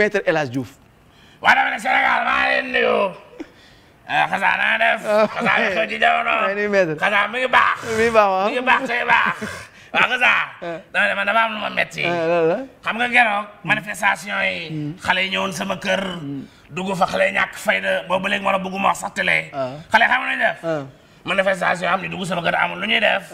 maître El Hadj Diouf. waa dama ne Sénégal maa leen nuyu. Eh, xasaa naa def. xasaa nga xëy ci jamono. xasaa mi ngi baax. mi ngi baax waaw mi ngi baax tey baax. waaw xasaa. Ah. dama ne man dama am lu ma métti. Ah, xam nga geroog hmm. manifestation yi. Hmm. xale yi ñëwoon sama kër. Hmm. dugg fa xale yi ñàkk fayda boobu ba léegi ma la bëgguma wax sax télé. Ah. xale xam nañu def. manifestation am ni dugg sama kër amul lu ñuy def.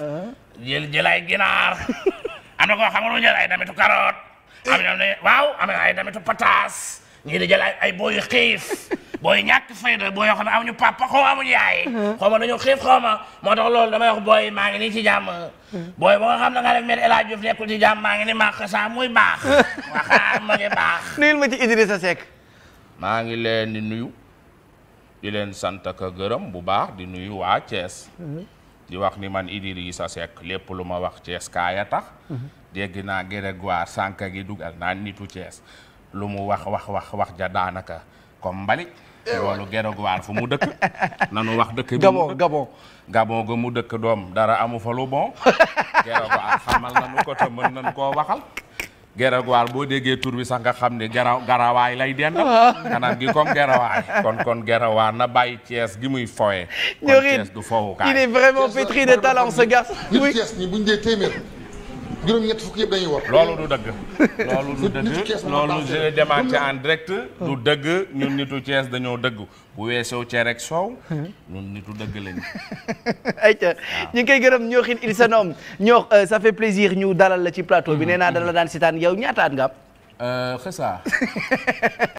jël jël ay ginaar. am na koo xam nga lu ñuy jël ay damitu carotte. am na waaw am na ay damitu pataas ñii di jël ay booy xiif booy ñàkk fayda booy yoo xam ne amuñu papa xaw ma amuñu yaay. Uh-huh. xaw ma dañoo xiif ma moo tax loolu dama wax booy maa ngi nii ci jàmm. Uh-huh. booy ba nga xam na nga def mel El Hadj Diouf nekkul ci jàmm maa ngi ni maa xasaa muy baax. waxaa uh-huh. ma ngi baax. nuyul ma ci Idrissa Seck. maa ngi leen di nuyu di leen sant ak gërëm bu baax di nuyu waa Thiès. di wax ni man sa Seck lépp lu ma wax Thiès kaaya tax dégg naa Grégoire Sanka gi dugal naa nitu Thiès lu mu wax wax wax wax ja daanaka comme mbalit eh loolu Grégoire fu mu dëkk nanu wax dëkk bi gabon gabon gabon ga mu dëkk doom dara amu fa lu bon Grégoire xamal nanu ko te mën nanu koo waxal gerawaal boo déggee tur bi sax nga xam ne garaw garawaay lay dendal ah. kanam gi comme gerawaay kon kon gerawaay na bàyyi Thiès gi muy foyee. ñorin Thiès du fowukaay il est vraiment pétri de talent ce garçon. oui Thiès ñi bu ñu dee téeméer. juróom-ñett fukk yëpp dañuy war. loolu du dëgg. loolu du dëgg loolu je le démenti en direct. du dëgg ñun nitu Thiès dañoo dëgg bu weesoo cee rek soow. ñun nitu dëgg lañu. ayca ñu ngi koy gërëm ñoo xin il sa noom ñoo sa euh, fait plaisir ñu dalal la ci plateau bi mm-hmm. nee naa la daan sitaan yow ñaata at nga xësa.